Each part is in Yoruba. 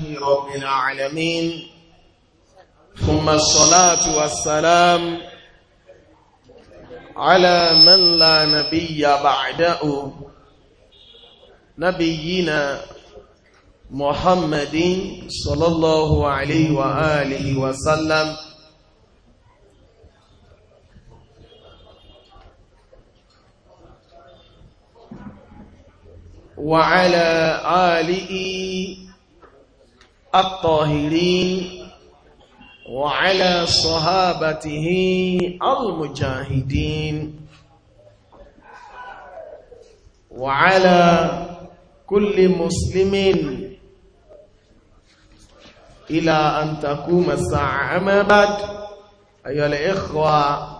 رب العالمين ثم الصلاة والسلام على من لا نبي بعده نبينا محمد صلى الله عليه وآله وسلم وعلى آله الطاهرين وعلى صحابته المجاهدين وعلى كل مسلم إلى أن تقوم الساعة أما بعد أيها الإخوة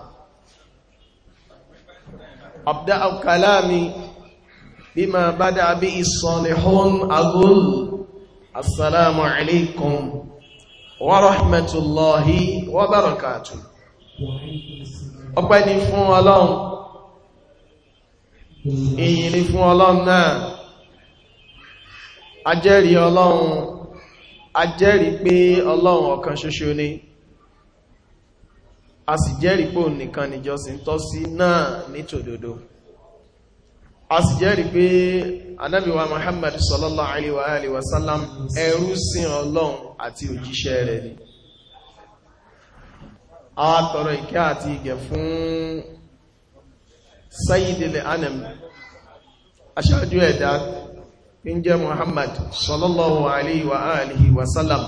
أبدأ كلامي بما بدأ به الصالحون أقول assalamu alaikum wa rahmatullahi wa barakatuh ọpẹ́ ni fún ọlọ́run ìyìn ni fún ọlọ́run náà ajẹ́rìí ọlọ́run ajẹ́rìí pé ọlọ́run ọ̀kan ṣoṣo ni a sì jẹ́rìí pé òun nìkan níjọsìn tọ́ sí náà nítòdodo a sì jẹ́rìí pé anábíwa muhammad sallallahu alaihi wa alihi wasallam ẹrú sin ọlọ́run àti òjíṣẹ́ rẹ̀ ni a tọrọ ìkẹ́ àti ìgẹ̀ fún sayidilẹ̀ anam aṣáájú ẹ̀dá ń jẹ́ muhammad sallallahu alaihi wa alihi wasallam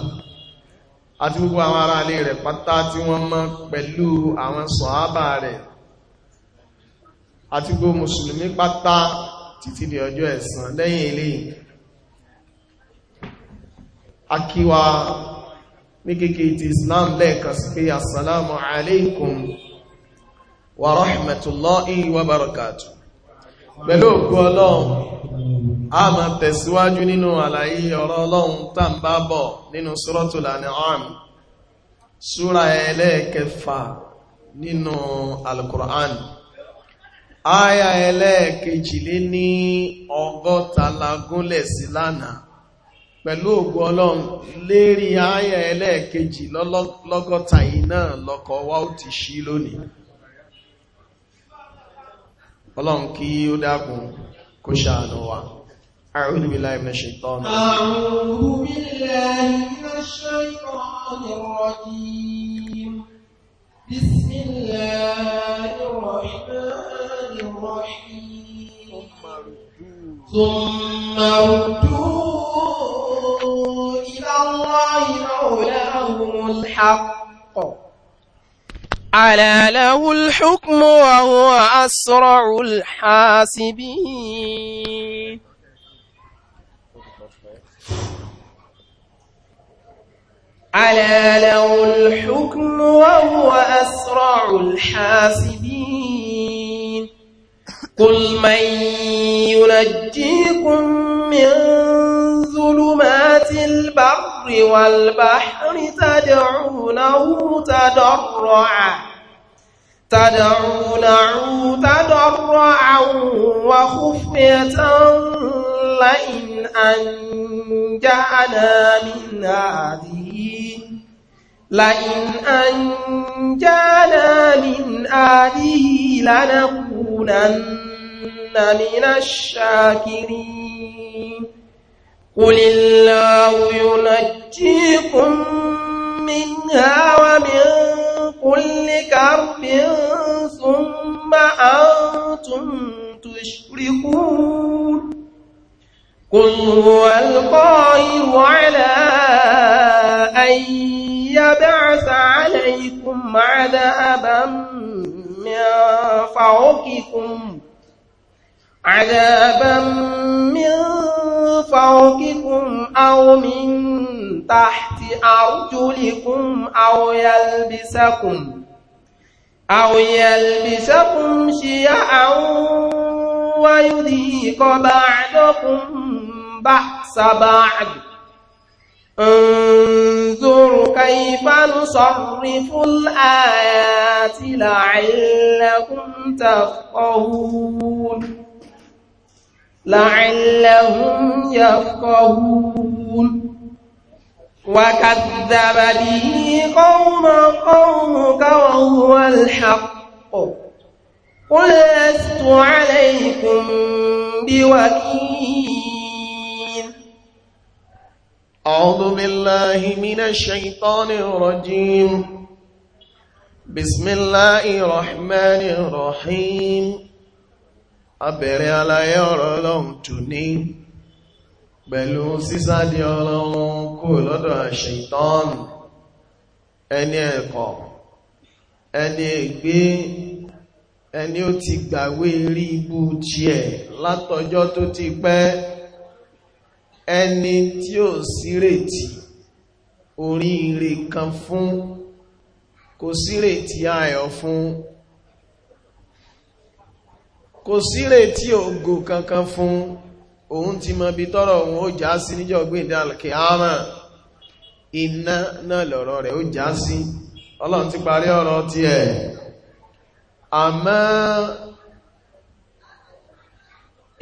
àti gbogbo àwọn ará ilé rẹ̀ pátá tí wọ́n mọ́ pẹ̀lú àwọn sọ̀hábà rẹ̀ àti gbogbo mùsùlùmí pátá títí di ọjọ́ ẹ̀san lẹ́yìn eléyìí akíwa ní kéèkéé ti islam lẹ́ẹ̀kan sí pé assalamu alaikum wa rahmatullahi wa barakatuh pẹ̀lú òkú ọlọ́run a máa tẹ̀síwájú nínú àlàyé ọ̀rọ̀ ọlọ́run tá bá bọ̀ nínú suratul an'am súra ẹlẹ́ẹ̀kẹfà nínú al Aya ẹlẹ́ẹ̀kejìlé ní ọgọ́ta lagúnlẹ̀ sí lánàá pẹ̀lú ògùn ọlọ́run lérí aya ẹlẹ́ẹ̀kejì lọ́gọ́ta yìí náà lọ́kọ̀ wá ó ti ṣí lónìí. Ọlọ́run kí ó dákun kó ṣàánú wa. الرحيم ثم ردوا إلى الله مولاهم الحق ألا له الحكم وهو أسرع الحاسبين ألا له الحكم وهو أسرع الحاسبين قل من ينجيكم من ظلمات البر والبحر تدعونه تضرعا تدعونه تضرعا وخفية لئن أنجانا من هذه لئن أنجانا من هذه لنكونن من الشاكرين قل الله ينجيكم منها ومن كل كرب ثم أنتم تشركون قل هو القاهر على أن يبعث عليكم عذابا من فوقكم عذابا من فوقكم أو من تحت أرجلكم أو يلبسكم أو يلبسكم شيعا ويذيق بعضكم بأس بعض انظر كيف نصرف الآيات لعلكم تفقهون لعلهم يفقهون وكذب به قوم قومك وهو الحق قل لست عليكم بوكيل أعوذ بالله من الشيطان الرجيم بسم الله الرحمن الرحيم abẹ̀rẹ̀ alayé ọ̀rọ̀ ọlọ́run tù ní pẹ̀lú sísádi ọlọ́run kò lọ́dọ̀ ṣẹ̀tán ẹni ẹ̀kọ́ ẹni ègbé ẹni ó ti gbàwé rí ibú jẹ́ látọjọ́ tó ti pẹ́ ẹni tí ó sírètí oríire kan fún kò sírètí ayọ̀ fún kò sírètí ògo kankan fún òun ti mọ bí tọ́rọ̀ òun ó já sí níjọ́ gbéǹdà kìámà iná náà lọ̀rọ̀ rẹ̀ ó já sí ọlọ́run ti parí ọ̀rọ̀ tí ẹ̀ àmọ́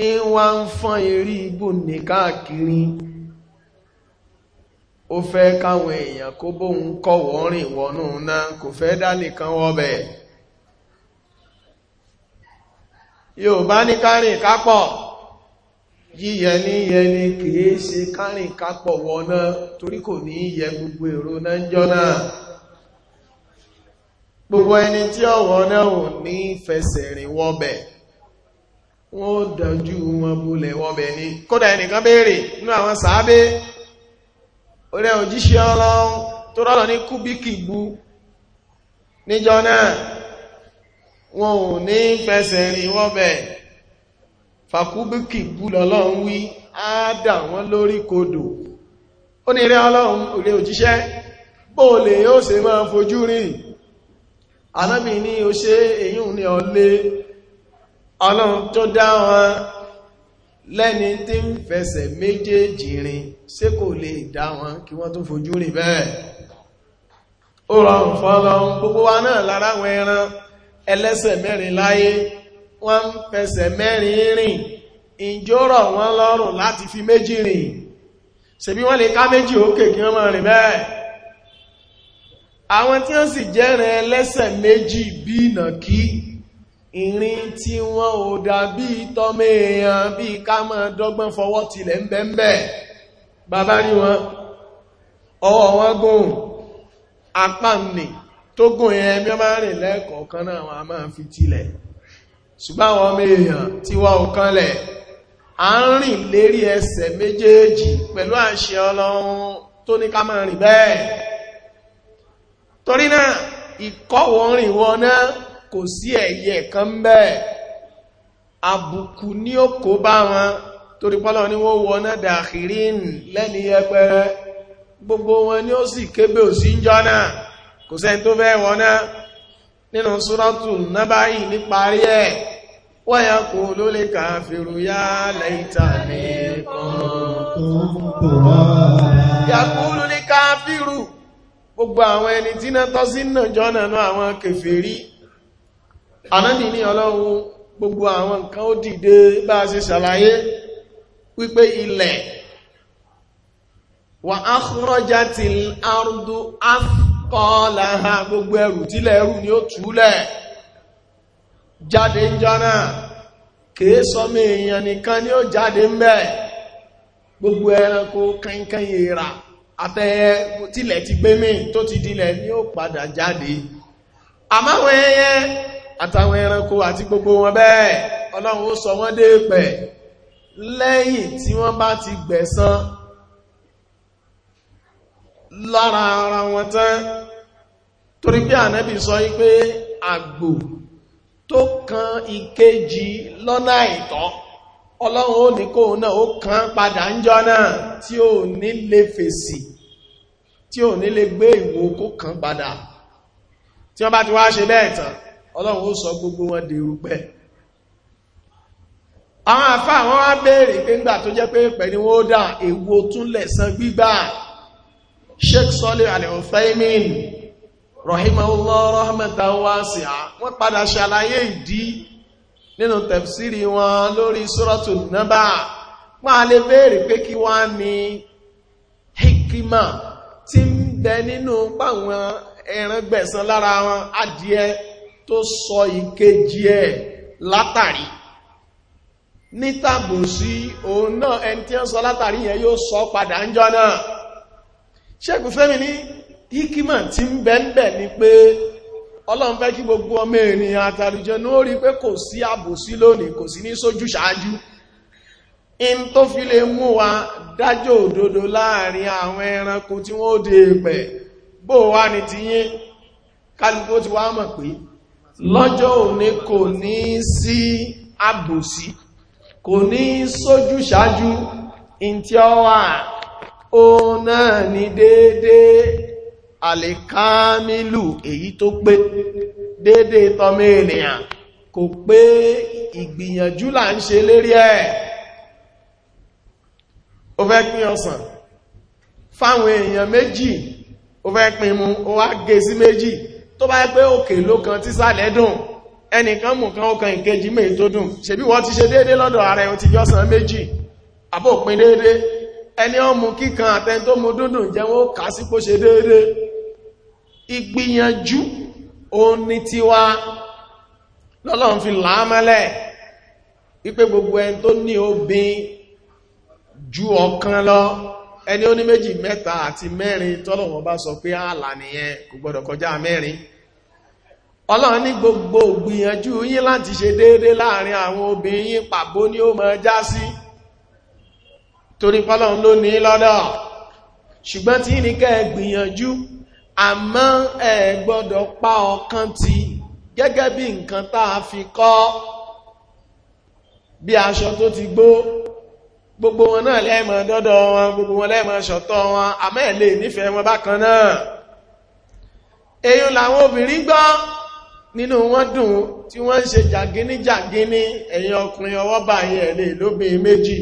ń wá ń fọ́n eré igbó ní káàkiri ó fẹ́ káwọn èèyàn kó bóun kọ̀wọ́ rìn wọnú náà kò fẹ́ dá nìkan wọ́bẹ̀ẹ́ yóò ní kárìn kápọ̀ yíyẹ ní yẹ ní kìí ṣe kárìn kápọ̀ wọná torí kò ní yẹ gbogbo èrò náà ń jọ náà gbogbo ẹni tí ọ̀wọ́ náà ò ní fẹsẹ̀ rìn wọ́bẹ̀ wọ́n dájú wọn búlẹ̀ wọ́bẹ̀ ní kódà ẹnìkan béèrè nínú àwọn sàábé orí òjíṣẹ́ ọlọ́run tó rọ́lọ́ ní kúbíkì bú níjọ náà wọn ò ní fẹsẹ̀ rìn wọ́n bẹ̀ fàkúbíkì bú lọ́lọ́run wí á dà lórí kodò ó ní rẹ́ ọlọ́run òlé òjíṣẹ́ bó lè yóò ṣe máa fojú rìn anábì ní o ṣe èyí ní ọlé ọlọ́run tó dá wọn lẹ́ni tí ń fẹsẹ̀ méjèèjì rìn ṣé kò lè dá wọn kí wọ́n tún fojú rìn bẹ́ẹ̀ ó rọrùn fọ́lọ́run gbogbo wa náà lára àwọn ẹran ẹlẹ́sẹ̀ mẹ́rin láyé wọ́n ń fẹsẹ̀ mẹ́rin rìn ìjọ́rọ̀ wọn lọ́rùn láti fi méjì rìn ṣebí wọ́n lè ká méjì òkè kí wọ́n máa rìn bẹ́ẹ̀ àwọn tí wọ́n sì jẹ́rin ẹlẹ́sẹ̀ méjì bí ìnà kí ìrìn tí wọ́n ò dà bí tọ́mọ èèyàn bí ká máa dọ́gbọ́n fọwọ́ tilẹ̀ ń bẹ́ẹ̀ bàbá ní wọn ọwọ́ wọn gùn apá nìí tó gùn yẹn bí ó máa rìn lẹ́ẹ̀kọ̀ọ̀kan náà wọn a máa fi tilẹ̀ ṣùgbọ́n àwọn ọmọ èèyàn tí wọ́n ò kanlẹ̀ a ń rìn lérí ẹsẹ̀ méjèèjì pẹ̀lú àṣẹ ọlọ́run tó ní ká máa rìn bẹ́ẹ̀ torí náà ìkọ́wọ̀ rìn wọn náà kò sí ẹ̀yẹ kan bẹ́ẹ̀ àbùkù ní ó bá wọn torí pọ́lọ̀ ni wọ́n wọ́n náà dàkìrín lẹ́ni ẹgbẹ́rẹ́ gbogbo wọn ni ó sì kébé òsínjọ́ náà kò sẹ́ni tó fẹ́ wọn náà nínú súrọ́tù nábáyì níparí ẹ̀ wọ́yá kò ló lè kàfèrò yá lẹ́ìtà ní kọ́ọ̀kọ́ gbogbo àwọn ẹni tí náà tọ́sí náà jọ́nà náà àwọn kèfèrí ànábì gbogbo àwọn nǹkan ó dìde bá a ṣe ṣàlàyé wípé ilẹ̀ wà á kúrọ́já ti ardu áfù kọ́ọ̀lá ha gbogbo ẹrù tílẹ̀ ẹrù ni ó túlẹ̀ jáde ń jọ́nà kìí sọmọ èèyàn nìkan ni ó jáde ń bẹ̀ gbogbo ẹranko kankan èèrà àtẹ́yẹ tílẹ̀ ti gbé mí tó ti dilẹ̀ ni ó padà jáde àmáwọn ẹyẹ àtàwọn ẹranko àti gbogbo wọn bẹ́ẹ̀ ọlọ́run ó sọ wọ́n dé pẹ̀ lẹ́yìn tí wọ́n bá ti gbẹ̀san lára ara wọn tán torí pé ànábì sọ wípé àgbò tó kan ìkejì lọ́nà àìtọ́ ọlọ́run ó ní kóhun náà ó kàn padà ń jọ náà tí ò ní lè fèsì tí ò ní lè gbé ìwò kó kàn padà tí wọ́n bá ti wá ṣe bẹ́ẹ̀ tán ọlọ́run ó sọ gbogbo wọn dèrú pẹ́ àwọn àfáà wọ́n wá béèrè pé ńgbà tó jẹ́ pé pẹ̀ wọ́n dà èwo tún lẹ̀san gbígbà sheikh Salih al-Uthaymin rahimahullah rahmatan wasi'a wọ́n padà ṣàlàyé ìdí nínú tafsiri wọn lórí suratul Naba máa lè béèrè pé kí wá ní hikima tí ń bẹ nínú páwọn ẹran gbẹ̀san lára wọn adìẹ tó sọ ìkejì ẹ̀ látàrí nítàbòsí òun náà ẹni tí ó sọ látàrí yẹn yóò sọ padà ń jọ náà ṣẹ́kù fẹ́mi ní hikima ti ń bẹ ń ni pé ọlọ́run fẹ́ kí gbogbo ọmọ ènìyàn àtàlùjọ ní ó rí pé kò sí àbòsí lónìí kò sí ní sójú ṣáájú in tó fi lè mú wa dájọ́ òdodo láàrin àwọn ẹranko tí wọ́n de pẹ̀ bó wá ní ti yín kálukó ti wá mọ̀ pé lọ́jọ́ òní kò ní sí àbòsí kò ní sójú ṣáájú in tí ó wà òun náà ni déédé àlèkámílù èyí tó pé déédé tọmọ ènìyàn kò pé ìgbìyànjú là ń ṣe lérí ẹ̀ o fẹ́ pín ọsàn fáwọn èèyàn méjì o fẹ́ pín mu o wá gé sí méjì tó bá pé òkè ló kan tí sàlẹ̀ dùn ẹnìkan mú kan ọkàn ìkejì méjì tó dùn ṣebí wọ́n ti ṣe déédé lọ́dọ̀ ààrẹ o ti jọ́sàn méjì àbò pín déédé ẹni ọmọ kíkan àtẹn tó mú dúndùn jẹ́ wọ́n kà sí pó ṣe déédé ìgbìyànjú òun ni tiwa lọ́lọ́run fi làámọ́lẹ̀ wípé gbogbo ẹni tó ní obìn ju ọ̀kan lọ ẹni ó ní méjì mẹ́ta àti mẹ́rin tọ́lọ̀wọ́n bá sọ pé ààlà nìyẹn kò gbọ́dọ̀ kọjá mẹ́rin ọlọ́run ní gbogbo ìgbìyànjú yín láti ṣe déédé láàrin àwọn obìn yín pàbó ni ó máa já sí si torí pọ́lọ̀un ló ní lọ́dọ̀ ṣùgbọ́n tí ní kẹ́ gbìyànjú àmọ́ ẹ gbọ́dọ̀ pa ọkàn ti gẹ́gẹ́ bí nǹkan táa fi kọ́ bí aṣọ tó ti gbó gbogbo wọn náà lẹ́mọ̀ dọ́dọ̀ wọn gbogbo wọn lẹ́mọ̀ ṣọ̀tọ̀ wọn àmọ́ ẹ lè nífẹ̀ẹ́ wọn bákan náà èyí làwọn obìnrin gbọ́ nínú wọn dùn tí wọ́n ń ṣe jàgíní jàgíní ẹ̀yin ọkùnrin ọwọ́ báyìí lè lóbìn méjì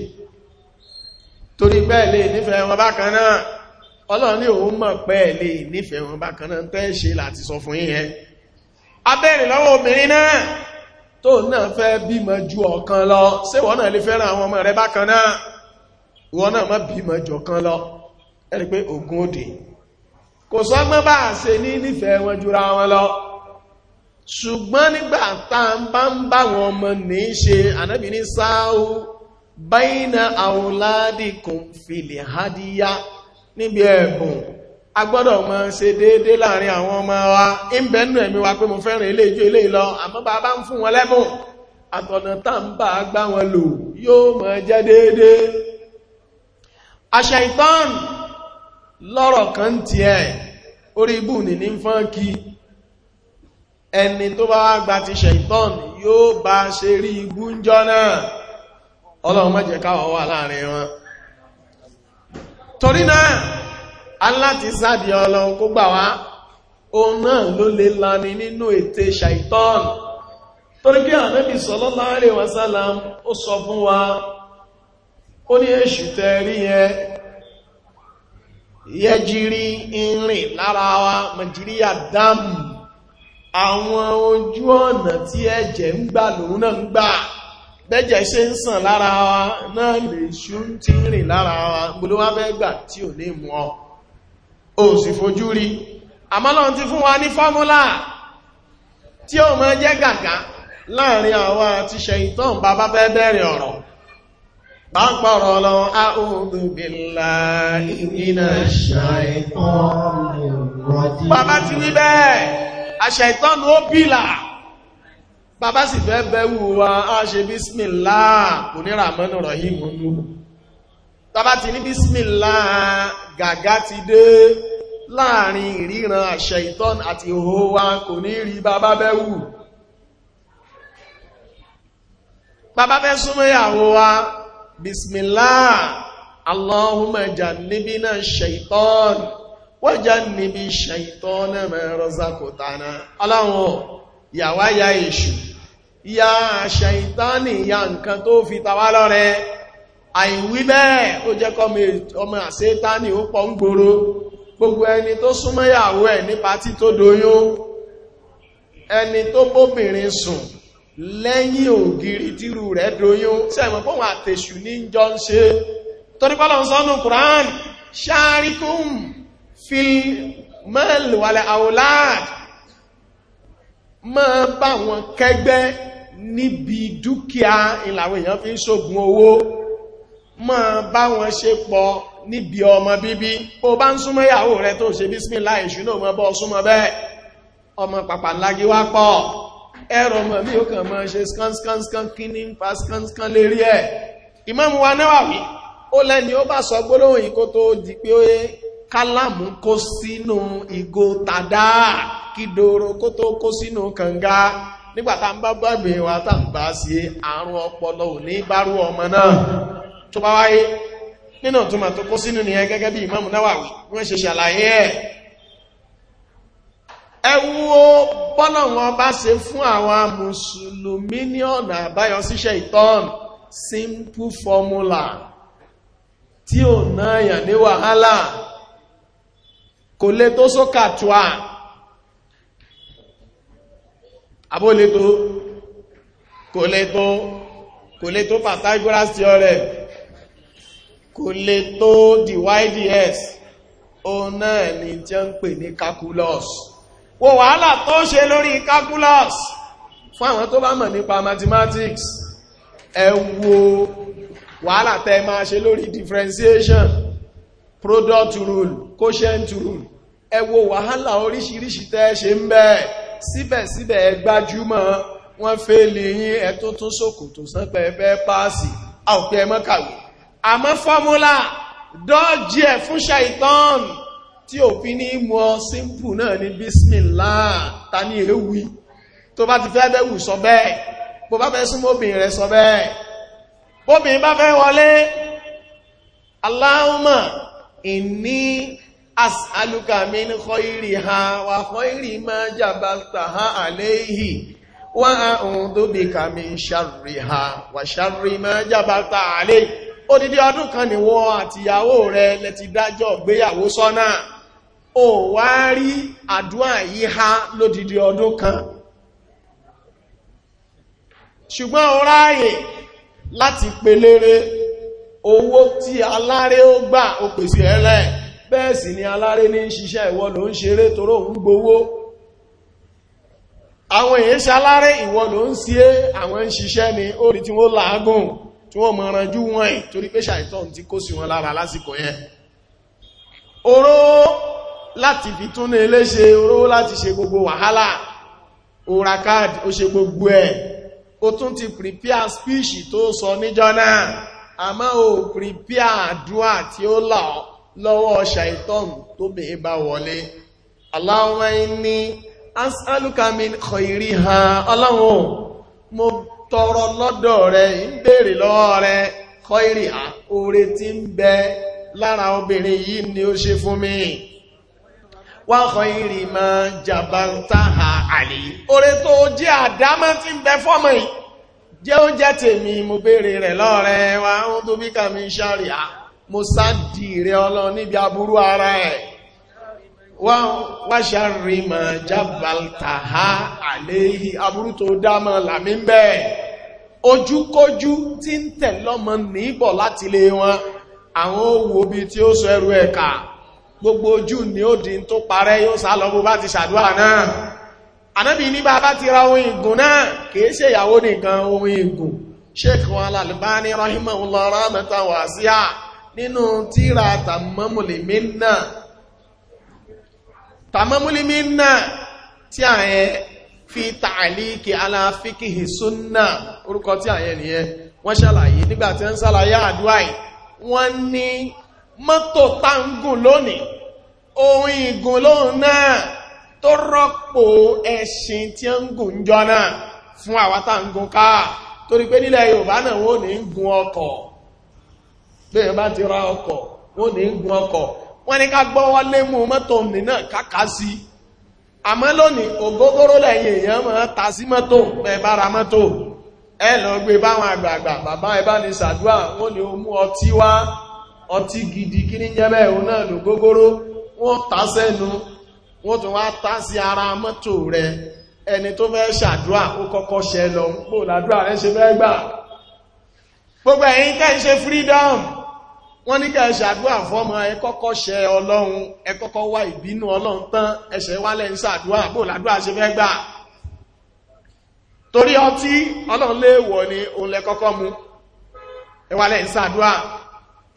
torí bẹ́ẹ̀ lè nífẹ̀ẹ́ wọn bákan náà ọlọ́run ní òun mọ̀ pẹ́ lè nífẹ̀ẹ́ wọn bákan náà tẹ́ ṣe láti sọ fún yín abẹ́rẹ̀ lọ́wọ́ obìnrin náà tó náà fẹ́ bímọ ju ọ̀kan lọ síwọ́n náà lè fẹ́ràn àwọn ọmọ rẹ bákan náà wọ́n náà má bímọ ju ọ̀kan lọ ẹni pé ogun òdè kò sọ́gbọ́n bá ṣe ní nífẹ̀ẹ́ wọn jura wọn lọ ṣùgbọ́n nígbà tá à bá ń bá wọn ọmọ ní ṣe ànábì sáà báyínà àwòládìkùn fìlì hádíyá níbi ẹ̀bùn a gbọ́dọ̀ mọ́ ṣe déédé láàrin àwọn ọmọ wa ìbẹ̀nù ẹ̀mí wa pé mo fẹ́ràn ilé ìjọ ilé ìlọ àmọ́ bá bá ń fún wọn lẹ́bùn àtọ̀nà tá ń bá gbá wọn lò yóò mọ́ jẹ́ déédé àṣẹ ìtọ́n lọ́rọ̀ kan ti ẹ̀ orí ibù ní ní fọ́nkí ẹni tó bá wá gba ti ṣe ìtọ́n yóò bá ṣe rí ibú ń jọ náà ọlọ́run má jẹ́ káwọ̀ wà láàrin wọn torí náà aláti sáàdì ọlọ́run kó gbà wá òun náà ló lè lani nínú ètè ṣàìtọ́n torí pé ànábì sallallahu ó sọ fún wa ó ní èṣù tẹ́rí ẹ irin lára wa dáàmù àwọn ojú ọ̀nà tí ẹ̀jẹ̀ ń gbà lòun náà bẹ́jẹ̀ ṣe ń sàn lára wa náà lè ṣú tí ń rìn lára wa gbogbo wá mẹ́gbà tí ò ní mú ọ o sì fojú rí àmọ́lọ́n ti fún wa ní fọ́múlà tí ó mọ́ jẹ́ gàgá láàrin àwa àti ṣẹ̀yìntàn bàbá fẹ́ bẹ̀rẹ̀ ọ̀rọ̀ bá ń pọ̀rọ̀ lọ bàbá sì fẹ́ bẹ́wù wa á ṣe bísmìlá kò ní ràmọ́nù rọ̀hìmù nú bàbá ti ní bísmìlá gàgá ti dé láàrin ìríran àṣẹ ìtọ́n àti òhó wa kò ní rí bàbá bẹ́wù bàbá fẹ́ súnmọ́ ìyàwó wa bísmìlá Allahumma jannibina shaitan wa jannibi shaitana ma razaqtana aláwọn yàwá ya èṣù ìyà ṣẹ̀ìtánì ìyà nǹkan tó fi tawá lọ́rẹ àìwí bẹ́ẹ̀ ó jẹ́ ọmọ àṣẹ́tánì ó pọ̀ ń gbòrò gbogbo ẹni tó súnmọ́yàwó ẹ̀ nípa tí tó doyún ẹni tó bóbìnrin sùn lẹ́yìn ògiri tírù rẹ̀ doyún sẹ́mọ̀ fún àtẹ̀ṣù Qur'an ṣáríkún fil mal wal aulad máa bá wọn kẹ́gbẹ́ níbi dúkìá ìlàwọ̀ èèyàn fi ń ṣògùn owó máa bá wọn ṣe pọ̀ níbi ọmọ bíbí bó bá ń súnmọ́ ìyàwó rẹ tó ṣe bísmìlá ìṣúná mọ́ bọ́ súnmọ́ bẹ́ẹ̀ ọmọ pàpà lági wá pọ̀ ẹ̀rọ ọmọ bí ó kàn máa ṣe skanskanskan kí ní ń fa skanskan lérí ẹ̀ ìmáàmù wa Nawawi ó lẹ́ni ó bá sọ gbólóhùn ìkó tó di pé ó kálàmù kó sínú ìgò tàdá kí dòrò kó tó kó sínú kànga nígbàtà ń bá bàbí wa tà ń bá sí àrùn ọpọlọ ò ní bárú ọmọ náà tó bá wáyé nínú túnmà tó kó sínú nìyẹn gẹ́gẹ́ bí Imam Nawawi wọ́n ṣe ṣàlàyé ẹ̀ ẹ wo bọ́nà wọn bá ṣe fún àwọn mùsùlùmí ní ọ̀nà àbáyọ síṣẹ́ ìtọ́n simple formula tí ò náà yàn ní wàhálà kò lè tó sókàtùà abólétó kò lè tó kò lè tó pythagoras theorem kò lè tó dyds òun náà ni tí ó ń pè ní calculus wo wàhálà tó ṣe lórí calculus fún àwọn tó bá mọ̀ nípa mathematics ẹ wo wàhálà tẹ́ máa ṣe lórí differentiation product rule quotient rule ẹ wo wàhálà oríṣiríṣi tẹ́ ṣe ń bẹ́ẹ̀ síbẹ̀síbẹ̀ ẹ gbájúmọ̀ wọ́n fẹ́ lè yín ẹ tó tún ṣòkòtò sánpẹ̀ ẹ fẹ́ páàsì a ò pé ẹ mọ́ kàwé àmọ́ fọ́múlà dọ́ọ̀jì ẹ̀ fún ṣàìtàn tí òfin ní mú ọ simple náà ní bísmìlá ta ní ewì tó bá ti fẹ́ bẹ́wù sọ bẹ́ẹ̀ bó bá fẹ́ súnmọ́ obìnrin rẹ̀ sọ bẹ́ẹ̀ bóbìnrin bá inni as'aluka min khairiha wa khairi ma jabaltaha alayhi wa a'udhu bika min sharriha wa sharri ma jabalta alayhi odidi ọdún kan ni wọ́n àtìyàwó rẹ̀ lẹ ti dájọ́ gbéyàwó sọ́nà ó wá rí àdúà yìí há lódidi ọdún kan ṣùgbọ́n ó ráyè láti pelére owó tí aláré ó gbà ó pèsè ẹlẹ́ẹ̀ bẹ́ẹ̀ ni aláré ní ṣiṣẹ́ ìwọ ló ń ṣeré toró ń gbowó àwọn èyí ṣaláré ìwọ ló ń sí àwọn ṣiṣẹ́ ni ó rí tí wọ́n làágùn tí wọ́n mọ̀ ránjú wọ́n ì torí pé ṣàìtàn tí kó sí wọn lára lásìkò yẹn oró láti fi tún ní ilé ṣe oró láti ṣe gbogbo wàhálà orakad ó ṣe gbogbo ẹ̀ ó tún ti prepare speech tó sọ níjọ́ náà àmọ́ ò prepare àdúà tí ó lọ́ọ̀ lọ́wọ́ ṣàìtọ́n tó bèé bá wọlé Allahumma inni as'aluka min khairiha ọlọ́run mo tọrọ lọ́dọ̀ rẹ̀ ń bèèrè lọ́wọ́ rẹ̀ khairiha oore tí ń bẹ lára obìnrin yìí ni ó ṣe fún mi wa khairi jẹ́ àdámọ́ tèmi mo bèèrè rẹ̀ lọ́rẹ̀ wa ó tó bí kàmí ṣàríà mo sáàdì rẹ ọlọ́run níbi aburú ara ẹ̀ wọ́n wáṣà rí mọ̀ jábàltà ha àléhì aburú tó dámọ̀ làmí bẹ́ẹ̀ ojúkójú tí ń tẹ̀lọ́mọ níbọ̀ láti lé wọn àwọn owó bí tí ó sọ ẹrù ẹ̀ka gbogbo ojú ni ó dín tó parẹ́ yóò sá lọ bó bá ti ṣàdúrà náà ànábì ní bá ti ra ohun ìgùn náà kìí ṣe ìyàwó nìkan ohun ìgùn sheikh wọn alàlùbá rahimahullah rahmatan wasi'a nínú tíra tàmọ́mùlìmí náà tàmọ́mùlìmí náà tí a yẹ fi tààlìkì aláfíkìhì súnnà orúkọ tí a yẹ nìyẹn wọ́n ṣàlàyé nígbàtí ń ṣàlàyé àdúwàì wọ́n ní mọ́tò táǹgùn lónìí ohun ìgùn lóhun náà tó rọ́pò ẹṣin tí ó ń gùn jọ náà fún àwátàǹgùn káà torí pé nílẹ̀ Yorùbá náà wọ́n ní ń gùn ọkọ̀ bẹ́ẹ̀ bá ti ra ọkọ̀ wọ́n ní gun ọkọ̀ wọ́n ní ká gbọ́ wọ́n lé mú mọ́tò ní náà kákà sí àmọ́ lónìí ògógóró lẹ́yìn èèyàn máa ta sí mọ́tò bẹ́ẹ̀ bá ra mọ́tò ẹ lọ gbé báwọn àgbààgbà bàbá ẹ bá ní sàdúà wọ́n ní ó mú ọtí wá ọtí gidi kí ní jẹ́ bẹ́ẹ̀ òun náà lògógóró wọ́n ta sẹ́nu wọ́n tún wá ta sí ara mọ́tò rẹ̀ ẹni tó fẹ́ ṣàdúà ó kọ́kọ́ ṣẹ lọ gbogbo ẹ̀yin kẹ́ ń ṣe freedom wọ́n ní kẹ́ ṣàdúrà fọ́mọ ẹ kọ́kọ́ ṣẹ ọlọ́run ẹ kọ́kọ́ wá ìbínú ọlọ́run tán ẹṣẹ̀ wálẹ̀ ń ṣàdúrà bó làdúrà ṣe fẹ́ gbà torí ọtí ọlọ́run léèwọ̀ ni òun lẹ kọ́kọ́ mu ẹ wálẹ̀ ń ṣàdúrà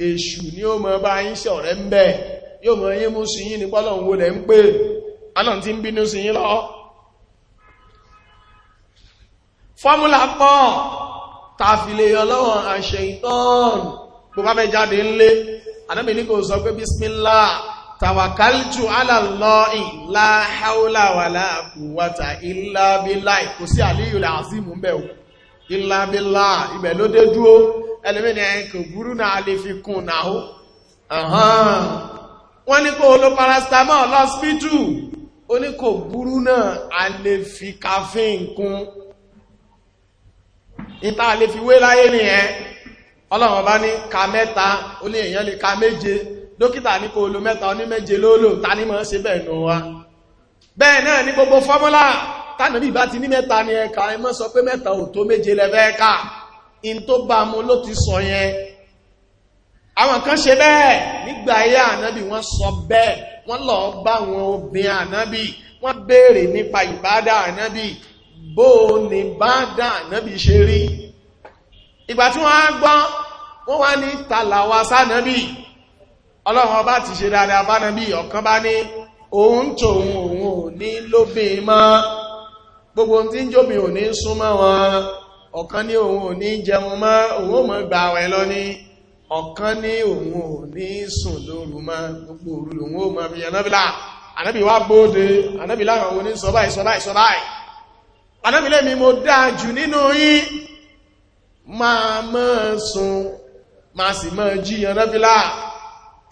èṣù ni ó mọ bá yín ṣe ọ̀rẹ́ ń bẹ̀ yóò mọ yín mú sí yín ní pọ́lọ́run wo lẹ̀ ń pè ọlọ́run ti ń bínú sí yín lọ fọ́múlà pọ̀ tàfilẹ̀ ọlọ́run àṣẹ ìtọ́ọ̀nù bó bá fẹ́ jáde ńlé anábì ní kò sọ pé bísmílá tàwàkálìtù alàlọ́ì láháúláwàlá quwwata ìlàbílà kò sí àlíyù làásìmù bẹ̀ o ìlàbílà ibẹ̀ ló dé dúó ẹlẹ́mìnì ẹ̀kọ̀ gúrú náà lè fi kún náà wọ́n ní kò lo paracetamol lọ́spítù ó ní kò gúrú náà a lè fi caffeine ìta lè fi wé láyé nìyẹn ọlọ́run ọba ní ka mẹ́ta ó ní èèyàn lè ka méje dókítà ní kó lo mẹ́ta ó ní méje lóòlò ta ní mọ́ ṣe bẹ́ẹ̀ nù wa bẹ́ẹ̀ náà ní gbogbo fọ́múlà tánàbí bá ti ní mẹ́ta ni ẹ̀ka ẹ má sọ pé mẹ́ta ò tó méje lẹ́fẹ́ ká in tó bá mu ìgbà tí wọ́n á gbọ́ wọ́n wá ní tàlàwà sánàbí ọlọ́run ọba ti ṣe dáadáa bánàbí ọ̀kan bá ní òun tòun òun ò ní lóbìn mọ́ gbogbo tí ń jóbìn ò ní súnmọ́ wọn ọ̀kan ní òun ò ní jẹun mọ́ òun ò mọ́ gbà wẹ̀ lọ ní ọ̀kan ní òun ò ní sùn lóru mọ́ gbogbo òru lòun ò mọ́ bíyẹn náà bílá ànábì wá bóde ànábì báyìí sọ báyìí sọ báyìí ànábì lẹ́mi mo dáa jù nínú yín máa mọ́ sun máa sì mọ́ jíyàn rẹ́bílá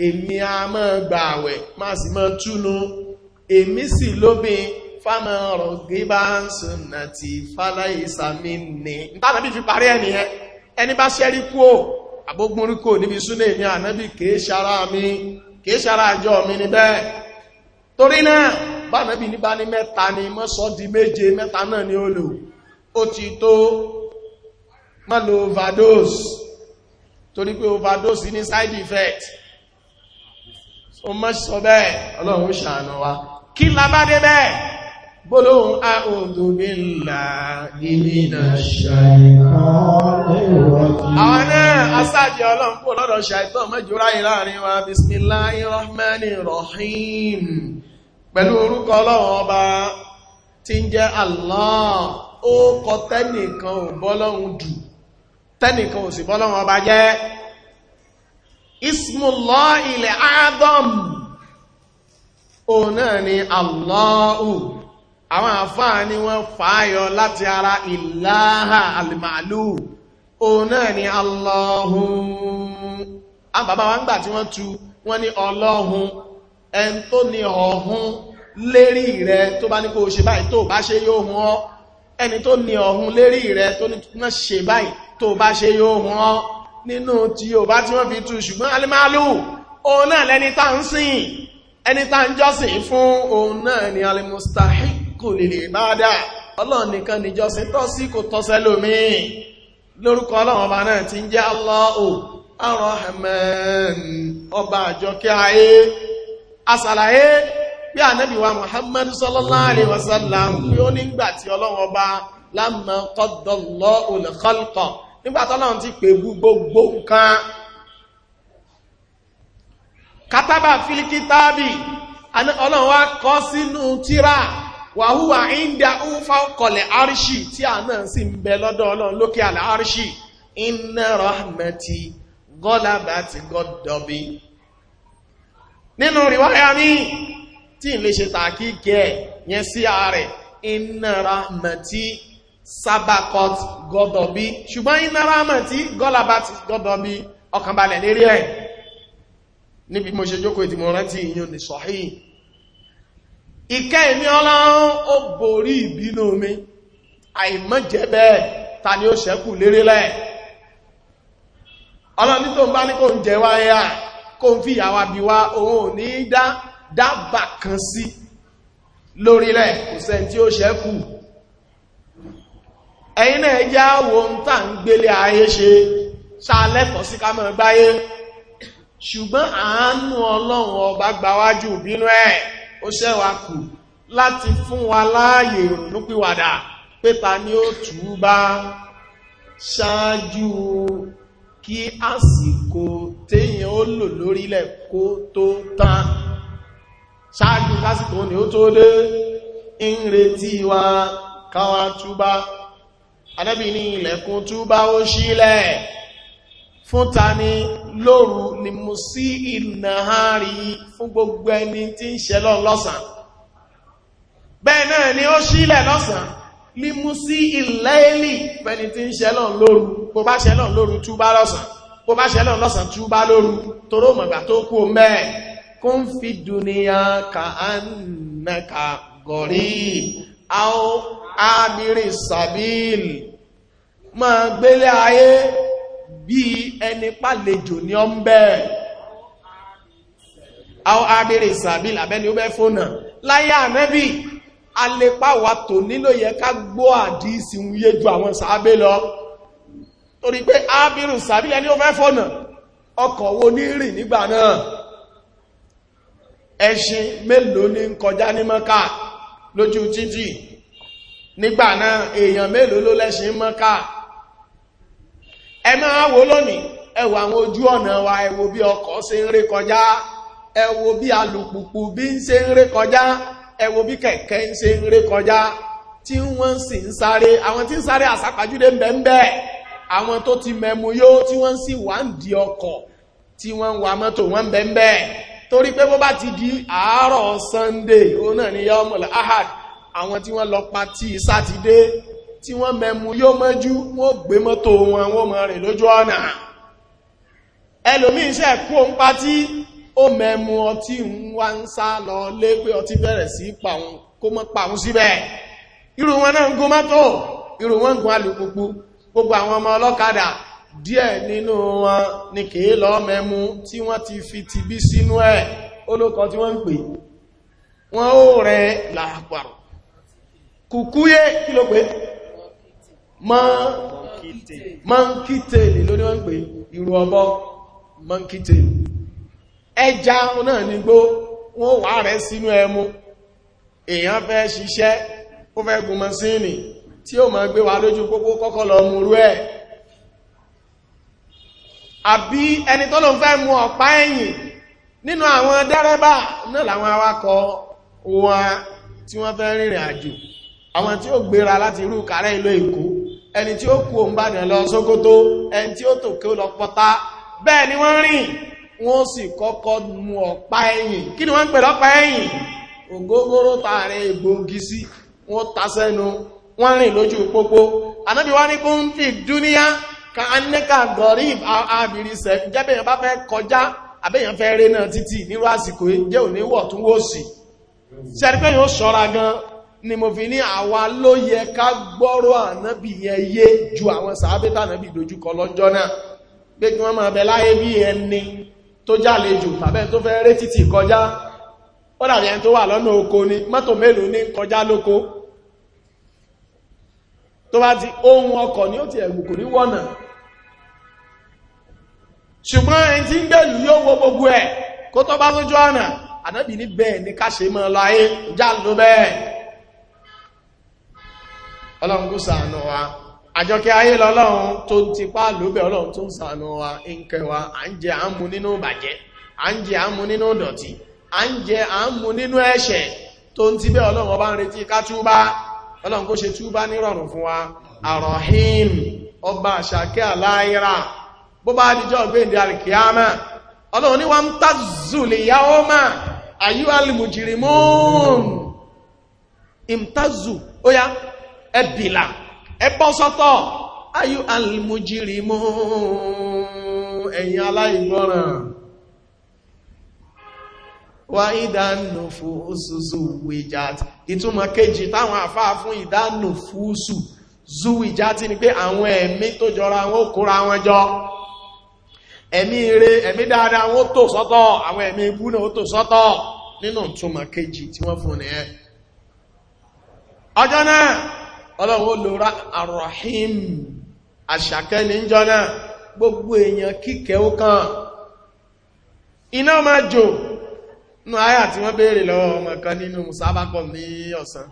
èmi a mọ́ gbà àwẹ̀ máa sì mọ́ túnú èmi sì lóbin fámọ́ ọ̀rọ̀ gíbá ń sùn náà ti fáláyé sàmì ní ìtànàbí fi parí ẹni ẹ ẹni bá ṣẹ́rí kú ò àbógúnrí kò níbi súnà èmi ànábì kìí ṣara mi kìí ṣara àjọ mi ni bẹ́ẹ̀ torí náà bánàbì ní bá ní mẹ́ta ni mọ́sọ́ di méje mẹ́ta náà ni ó lò ó ti tó má lo overdose torí pé overdose ní side effect so mọ́ sọ bẹ́ẹ̀ ọlọ́run ṣàánà wa kí labádé bẹ́ẹ̀ gbólóhùn àòdò nílà ìlìnà ṣàìkọ́ àwọn náà asájẹ́ ọlọ́run kó lọ́dọ̀ ṣàìtọ́ mẹ́jọ́rá ìláàrin wa rahim pẹ̀lú orúkọ ọlọ́run ọba tí ń jẹ́ Allah ó kọtẹ́nìkan ò bọ́lọ́run dù tẹ́nìkan òsì bọ́lọ́wọ́n ọba jẹ́ ismùlọ́ ilẹ̀ adam òun náà ni allahu àwọn àfáà ni wọ́n fàáyọ láti ara ìláhà alìmàlú òun náà ni allahun àbàbà wọn gbà tí wọ́n tu wọ́n ni ọlọ́hun ẹn tó ni ọ̀hun lérí rẹ tó bá ní kó ṣe báyìí tó bá ṣe yóò hun ọ ẹni tó ni ọ̀hun lérí rẹ tó ní ṣe báyìí tó bá ṣe yóò wọ́n nínú tí yóò bá tí wọ́n fi tú ṣùgbọ́n alimalu òun náà lẹ́ni tá ń sìn ẹni tá ń jọ́sìn fún òun náà ni alimustahiku lil ibada ọlọ́run nìkan ni jọ́sìn tọ́ sí kò tọ́sẹ́ lómìn lórúkọ ọlọ́run ọba náà ti ń jẹ́ Allahu Ar-Rahman ọba àjọkẹ́ ayé asàlàyé bí ànábì Muhammad sallallahu alaihi wasallam pé ó nígbà tí ọlọ́run ọba lamma qaddallahu al nígbàtọ́lọ́run ti pè gbogbo nǹkan kátàbà filikitaabi ọlọ́run wá kọ́ sínú tíra wàhúwà india ufa kọlẹ̀ arṣì tí a náà sì ń bẹ lọ́dọ̀ ọlọ́run lókè àlẹ́ arṣì iná rahmeti gọ́lábà ti gọ́dọ̀bí nínú ríwáyà ní tí ń lè ṣe tàkíkẹ́ yẹn sí ààrẹ iná rahmeti sabakot gọ́dọ̀bí ṣùgbọ́n iná rámọ̀ tí gọ́làbá ti gọ́dọ̀bí ọkàn balẹ̀ lérí ẹ̀ níbi mo ṣe jókòó ìdìmọ̀ rántí ìyún ní sọ̀hí ìkẹ́ ìní ọlọ́run ó borí ìbínú mi àìmọ́jẹ́ ta ni ó ṣẹ́kù lérí lẹ́ ọlọ́ni tó ń bá ní kò ń jẹ wá lórílẹ̀ kò sẹ́ni tí ó ṣẹ́kù ẹ̀yin náà já wo ń tà ń gbélé ayé ṣe ṣàlẹ́tọ̀ sí ká mọ̀ gbáyé ṣùgbọ́n àánú ọlọ́run ọba gbáwájú bínú ẹ̀ ó ṣẹ́wà kù láti fún wa láàyè ìrònúpìwàdà péta ni ó túbá ṣáájú kí àsìkò téèyàn ó lò lórílẹ̀ kó tó tán ṣáájú kásìkò ni ó tó dé ń retí wa káwa túbá Ànábì ní ilẹ̀kùn túbá ó sílẹ̀ fún ta ni lóru ni mo sí ìnàhárí fún gbogbo ẹni tí ń ṣe lọ lọ́sàn bẹ́ẹ̀ náà ni ó sílẹ̀ lọ́sàn ní mú sí ìlẹ́ẹ̀lì fẹ́ni tí ń ṣe lọ lóru bó bá ṣe lọ lóru túbá lọ́sàn bó bá ṣe lọ lọ́sàn túbá lóru toró mọ̀gbà tó kú mẹ́ẹ̀ kún fi dùnìyàn kà á nàkà gọ̀rí àwọn amiri sabil ma gbélé aye bi, ẹni pàlejò ní ọ ń bẹ́ẹ̀ àwọn amiri sabil abẹ́ni ó bẹ́ fónà láyé ànẹ́bì alépa wà tó nílò yẹ ká gbọ́ àdísì ń yé ju àwọn sàábé lọ torí pé amiri sabil ẹni ó fẹ́ fónà ọkọ̀ wo ní rìn nígbà náà ẹṣin mélòó ní kọjá ní mọ́ká lójú títì nígbà náà èèyàn mélòó ló lẹ́ṣin mọ́ká ẹ máa wo lónìí ẹ àwọn ojú ọ̀nà wa ẹ wo bí ọkọ̀ ṣe ń ré kọjá ẹ wo bí alùpùpù bí ń ṣe ń ré kọjá ẹ wo bí kẹ̀kẹ́ ń ṣe ń ré kọjá tí wọ́n sì ń sáré àwọn tí ń sáré àsápajúdé ń bẹ́ẹ̀ àwọn tó ti mẹ́mu yóò tí wọ́n sì wá ń di ọkọ̀ tí wọ́n ń wa mọ́tò wọ́n bẹ́ẹ̀ bẹ́ẹ̀ torí pé bó bá ti di àárọ̀ sunday òun náà ni yọ́mọ̀lá ahad àwọn tí wọ́n lọ patí sátidé tí wọ́n mẹ́mú yóò mọ́jú wọ́n gbé mọ́tò wọn wọ́n mọ́ rẹ̀ lójú ọ̀nà ẹlòmí iṣẹ́ kú o ń patí ó mẹ́mú ọtí ń wá ń sá lọ lé pé ọtí bẹ̀rẹ̀ sí pàun kó mọ́ pàun síbẹ̀ irú wọn náà ń gún mọ́tò irú wọn ń gún alùpùpù gbogbo àwọn ọmọ ọlọ́kadà díẹ̀ nínú wọn ni kìí lọ mẹ́mú tí wọ́n ti fi tibí sínú ẹ̀ olókọ tí wọ́n ń pè wọ́n ó rẹ̀ làpàrọ̀ kùkúyé kí ló pé mọ́nkítèlì ló ní wọ́n ń pè ìrù ọ̀bọ mọ́nkítèlì ẹja náà ní gbó wọ́n wà rẹ̀ sínú ẹmu èèyàn fẹ́ ṣiṣẹ́ ó fẹ́ gùnmọ́ sínì tí ó máa gbé wa lójú pópó kọ́kọ́ lọ múrú ẹ̀ àbí ẹni tó ló ń fẹ́ mú ọ̀pá ẹ̀yìn nínú àwọn dẹ́rẹ́bà náà làwọn awakọ̀ wọn tí wọ́n fẹ́ rìnrìn àjò àwọn tí ó gbéra láti irú kàrẹ́ ìlú èkó ẹni tí ó kú òun bá dàn lọ sókótó ẹni tí ó tò kí ó lọ pọta bẹ́ẹ̀ ni wọ́n rìn wọ́n sì kọ́kọ́ mu ọ̀pá ẹ̀yìn kí ni wọ́n ń pè lọ́pá ẹ̀yìn ògógóró tààrin egbògi sí wọ́n tasẹ́nu wọ́n rìn lójú pópó anábí kó ń ni mo fi ní àwa ló yẹ ká gbọ́rọ̀ ànábì yẹn yé ju àwọn sàábẹ́tà ànábì dojúkọ lọ́jọ́ náà pé kí wọ́n máa bẹ láyé bí ẹni tó jálejò tàbẹ́ tó fẹ́ ré títì kọjá ó dàbí ẹni tó wà lọ́nà oko ni mọ́tò mélòó ní kọjá lóko tó bá ti ohun ọkọ̀ ni ó ti ẹ̀gùn kò ní wọ́nà ṣùgbọ́n ẹni tí ń gbẹ̀lú yóò wo gbogbo ẹ̀ kó tó bá sójú ọ̀nà ànábì ní bẹ́ẹ̀ ni ká ṣe mọ́ láyé já ló bẹ́ẹ̀ ọlọ́run kó sàánú wa àjọkẹ́ ayé lọ́lọ́run tó ń ti lóbẹ̀ ọlọ́run tó ń sàánú wa ń kẹwa à ń jẹ àmú nínú bàjẹ́ à ń jẹ àmú nínú dọ̀tí à ń jẹ nínú ẹ̀ṣẹ̀ tó ń ti bẹ́ ọlọ́run ọba ń retí ká túbá ọlọ́run kó ṣe túbá nírọ̀rùn ọba àṣàkẹ́ bó bá ọlọ́run ní wa ń mà ó yá Ebila! ẹbọ́ sọtọ! ayú alìmójìrì mú ẹ̀yìn aláìgbọ́ràn wà ìdánù fúúsù wìjàt ìtumọ̀ kejì táwọn àfáà fún ìdánù fúúsù zúwìjàt ni pé àwọn ẹ̀mí tó jọra wọn kóra wọn jọ ẹ̀mí ire ẹ̀mí dáadáa wọn tò sọ́tọ̀ àwọn ẹ̀mí ibú náà tò sọ́tọ̀ nínú ìtumọ̀ kejì tí wọ́n fún ọlọ́run ó lò arọ̀hìm àṣàkẹ́ ní jọ́nà gbogbo èèyàn kíkẹ́ ó kàn iná máa jò nù ayà tí wọ́n béèrè lọ́wọ́ ọmọ kan nínú musábàkọ̀ ní ọ̀sán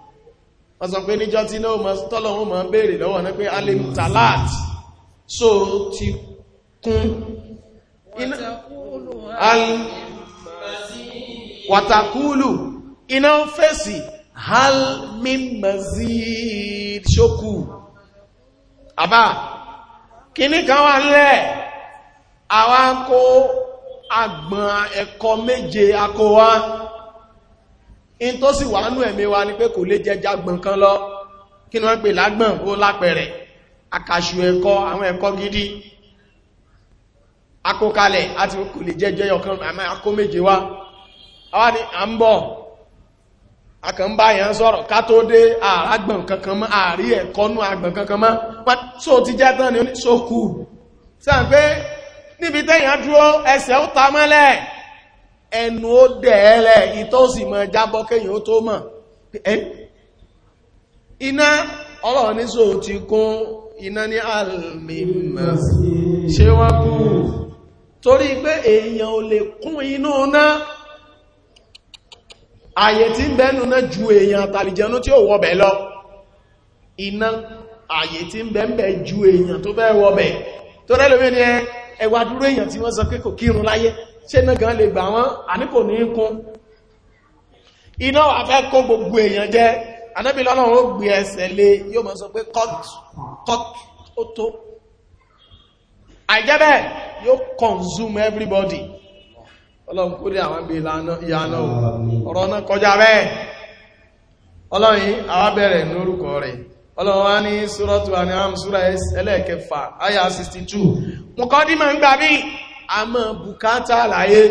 wọ́n sọ pé níjọ́ tí náà mọ́ tọ́lọ̀wọ́ mọ́ alim talat so ti kún wàtàkúlù iná fèsì hal mímọ̀ sí Kipchip ṣókù àbá kíní kan wà nílẹ̀ àwa kó àgbọn ẹ̀kọ́ méje akó wá in tó sì wà nú ẹ̀mí wa ni pé kò lè jẹjá gbọ̀n kan lọ kí ni wọ́n pè lágbọ̀n ó lápẹ̀rẹ̀ àkàṣù ẹ̀kọ́ àwọn ẹ̀kọ́ gidi akókalẹ̀ àti kò lè jẹjẹ ọ̀kan àmọ́ akó méje wá àwa ni à ń bọ̀ akànbá yẹn sọ̀rọ̀ ká tó dé àrágbọ̀n kankan mọ́ àrí ẹ̀kọ́nú àgbọ̀n kankan mọ́ só ti jẹ́ tán ni sókù sáà pé níbi tẹ́yàn dúró ẹsẹ̀ ó ta mọ́lẹ̀ ẹnu ó dẹ̀ẹ́lẹ̀ ìtọ́sì mọ́ jábọ́ kéyàn ó tó mọ̀ iná ọlọ́run torí pé èèyàn ò lè kún inú náà ààyè tí ń bẹ́nu náà ju èèyàn àtàlìjẹnú tí ó wọbẹ̀ lọ iná ààyè tí ń bẹ́ẹ̀ ju èèyàn tó fẹ́ wọbẹ̀ tó rẹ́ lómi ní ẹwà dúró èèyàn tí wọ́n sọ pé kò kírun láyé ṣé náà gan lè gbà wọ́n àníkò ní kún iná wà fẹ́ kó gbogbo èèyàn jẹ́ anábì consume everybody ọlọ́run kó dé àwọn ibi ìyànà ọ̀rọ̀ náà kọjá bẹ́ẹ̀ ọlọ́run àwábẹ̀rẹ̀ lórúkọ rẹ̀ ọlọ́run wá ní súrọ́tù An'am súra ẹlẹ́ẹ̀kẹfà àyà 62 mọ̀kọ́ dí máa ń gbà bí àmọ́ bùkátà àlàyé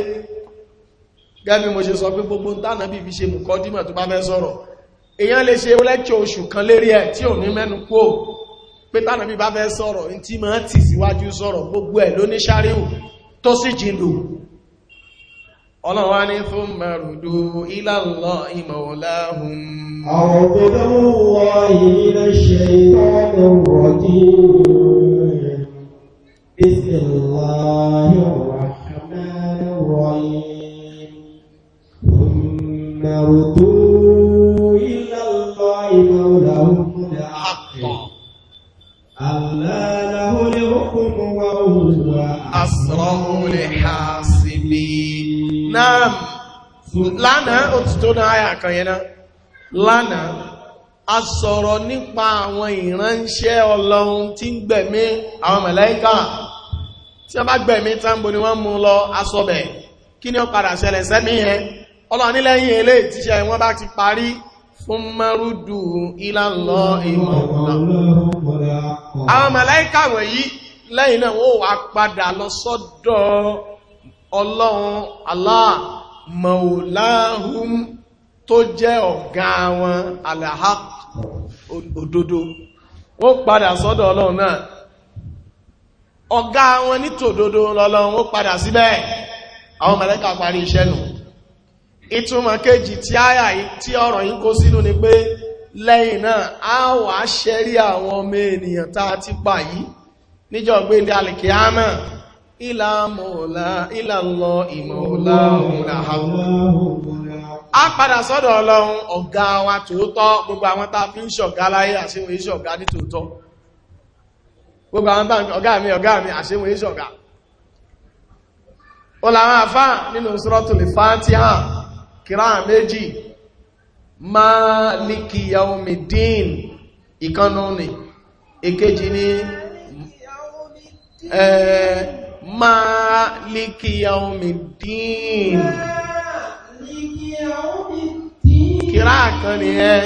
gẹ́gẹ́ mo ṣe sọ pé gbogbo tánà bí fi ṣe mọ̀kọ́ dímọ̀ tó bá ọlọ́run wá ní fún mẹ́rùdú ìlàlọ́ ìmọ̀láhùn àwọn òbẹ̀dọ́wọ́ wọ́ ìrìnlẹ̀ ṣe ìtọ́lẹ̀ wọ́dí náà lánàá ó ti tó náà àyà kan yẹn náà lánàá a sọ̀rọ̀ nípa àwọn ìránṣẹ́ ọlọ́run tí ń gbẹ̀mí àwọn mẹ̀lẹ́kà tí a bá gbẹ̀mí tábò ni wọ́n mú lọ asọ́bẹ̀ kí ni ó padà ṣẹlẹ̀ sẹ́mí yẹn ọlọ́run nílẹ̀yìn ilé ìtíṣẹ́ wọn bá ti parí fún mẹ́rúdù ìlàlọ́ ìmọ̀ ọlọ́run Allah maulahum tó jẹ́ ọ̀gá wọn alahaq òdodo ó padà sọ́dọ̀ ọlọ́run náà ọ̀gá wọn ní tòdodo lọ́lọ́run ó padà síbẹ̀ àwọn mẹ́lẹ́kà parí iṣẹ́ nù ìtumọ̀ kejì tí àyà tí ọ̀rọ̀ yìí kó sínú ni pé lẹ́yìn náà a wà ṣẹ́rí àwọn ọmọ ènìyàn tá a ti pa yìí níjọ́ gbé ilé ìlà mọ̀ọ̀lá lọ a padà sọ́dọ̀ ọlọ́run ọ̀gá wa tòótọ́ gbogbo àwọn tá fi ń ṣọ̀gá láyé àṣíwò ní tòótọ́ gbogbo àwọn tàbí ọ̀gá mi ọ̀gá mi àṣíwò ìṣọ̀gá o láwọn àfá nínú kìrá Maliki Yawmiddin. Maliki Yawmiddin. Kíra kan ni ẹ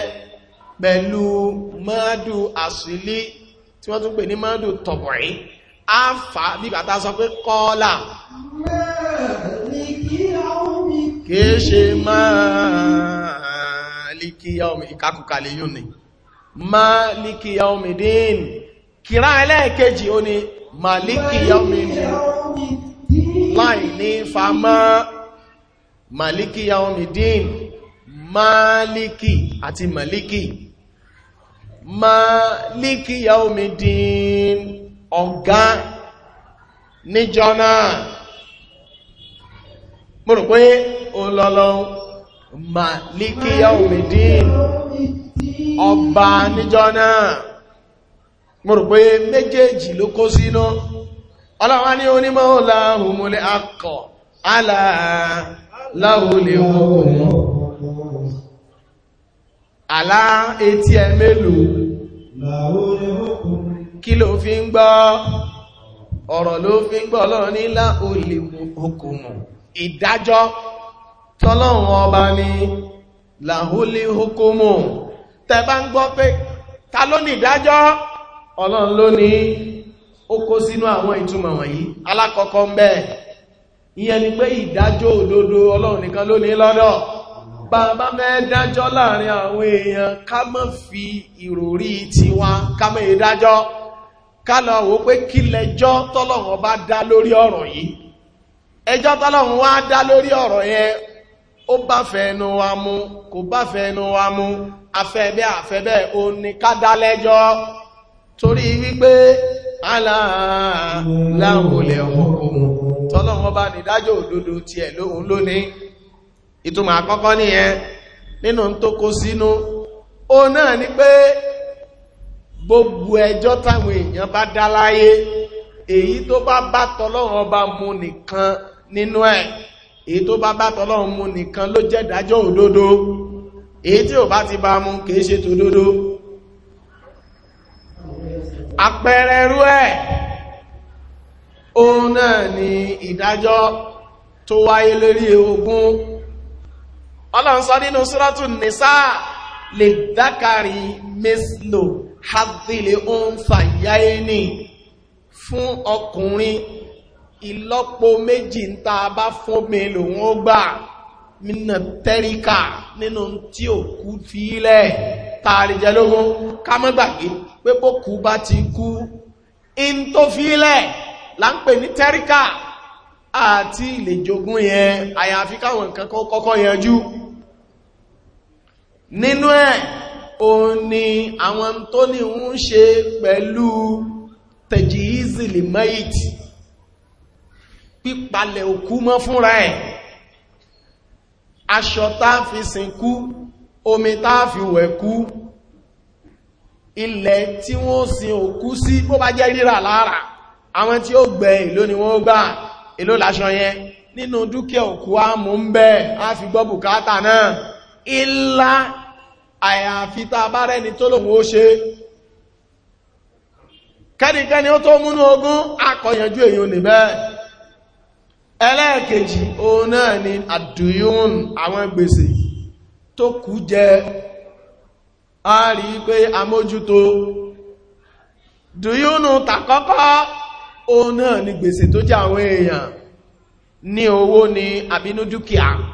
pẹ̀lú Madu Asili tí wọ́n tún pè ní Madu Tọ̀bọ̀rí. A fà bí bàtà sọ pé kọ́ọ́là. Maliki Yawmiddin. Kìí ṣe Maliki Yawmiddin. Ìkakùkalẹ̀ yóò ní. Maliki Yawmiddin. Kíra ẹlẹ́ẹ̀kejì ó ní màlíkì yaomidi láì ní famọ́ màlíkì yaomidin màlíkì àti màlíkì màlíkì yaomidin ọ̀gá níjọ náà mo rò pé o lọ́lọ́ màlíkì yaomidin ọba níjọ náà mo rò pé méjèèjì ló kó sínú ọlọ́wà ní onímọ̀ láhùnmúlẹ̀ akọ̀ aláhùnlẹ̀ ohun àlá etí ẹ mélòó kí ló fi ń gbọ́ ọ̀rọ̀ ló fi ń gbọ́ ọlọ́run ní láhùnlẹ̀ okùnmù ìdájọ́ tọ́lọ́run ọba ni láhùnlẹ̀ okùnmù tẹ bá ń gbọ́ pé ta ló ní ìdájọ́ ọlọ́run ló ní ó kó sínú àwọn ìtumọ̀ wọ̀nyí alákọ̀ọ́kọ́ ń bẹ́ẹ̀ ìyẹn ni pé ìdájọ́ òdodo ọlọ́run nìkan ló ní lọ́dọ̀ bàbá mẹ́ dájọ́ láàrin àwọn èèyàn ká mọ́ fi ìròrí tiwa ká mọ́ ìdájọ́ ká lọ wò pé kí lẹjọ́ tọ́lọ́run bá dá lórí ọ̀rọ̀ yìí ẹjọ́ tọ́lọ́run wá dá lórí ọ̀rọ̀ yẹn ó bá fẹ́ ẹnu wa mú kò bá fẹ́ ẹnu wa mú afẹ́ bẹ́ẹ̀ afẹ́ bẹ́ẹ̀ ká dá lẹ́jọ́ torí wípé aláàláwòlẹ̀ ọmọkùn tọ́lọ́wọ́ bá ní dájọ́ òdodo ti ẹ̀ lóhun lónìí ìtumọ̀ àkọ́kọ́ nìyẹn nínú tó kó sínú ó náà ni pé gbogbo ẹjọ́ táwọn èèyàn bá dá láyé èyí tó bá bá tọ́lọ́wọ́ bá mú nìkan nínú ẹ̀ èyí tó bá bá tọ́lọ́wọ́ mú nìkan ló jẹ́ dájọ́ òdodo èyí tí ò bá ti bá mú kìí ṣe tòdodo àpẹẹrẹ rú ẹ̀ òun náà ni ìdájọ́ tó wáyé lórí ogún ọlọ́run sọ nínú súrọ́tù nìsá lè dákàrí meslo hadile ounfa yaini fún ọkùnrin ìlọ́po méjì ń ta bá fún mi lòun ó gbà mínà tẹ́ríkà nínú tí òkú fi ilẹ̀ tààrí jẹ lógún ká mọ́ gbàgbé pé bó kú bá ti kú in tó fílẹ̀ là ń pè ní tẹ́ríkà àti ilé jogún yẹn àyàfi káwọn nǹkan kọ́kọ́ yanjú nínú ẹ̀ òun ni àwọn tó ní ń ṣe pẹ̀lú tẹ̀jìízìlì aṣọ tá fi sìnkú omi táà fi wẹ̀kú ilẹ̀ tí wọ́n sin òkú sí bó bá jẹ́ rírà lára àwọn tí ó gbẹ̀ ìlò ni wọ́n gbà èló láṣọ yẹn nínú dúkìá òkú á mú ń bẹ́ á fi gbọ́ bùkátà náà ilá àyàfi tá bá tó lòun ó ṣe kẹ́nìkẹ́ni ó tó múnú ogún akọ̀yànjú èyàn lè bẹ́ẹ̀ ẹlẹ́ẹ̀kejì òun náà ni àdúyún àwọn gbèsè tó kú jẹ a rí pé amójútó dùyúnù tàkọ́kọ́ òun náà ni gbèsè tó jẹ àwọn èèyàn ní owó ni àbínú dúkìá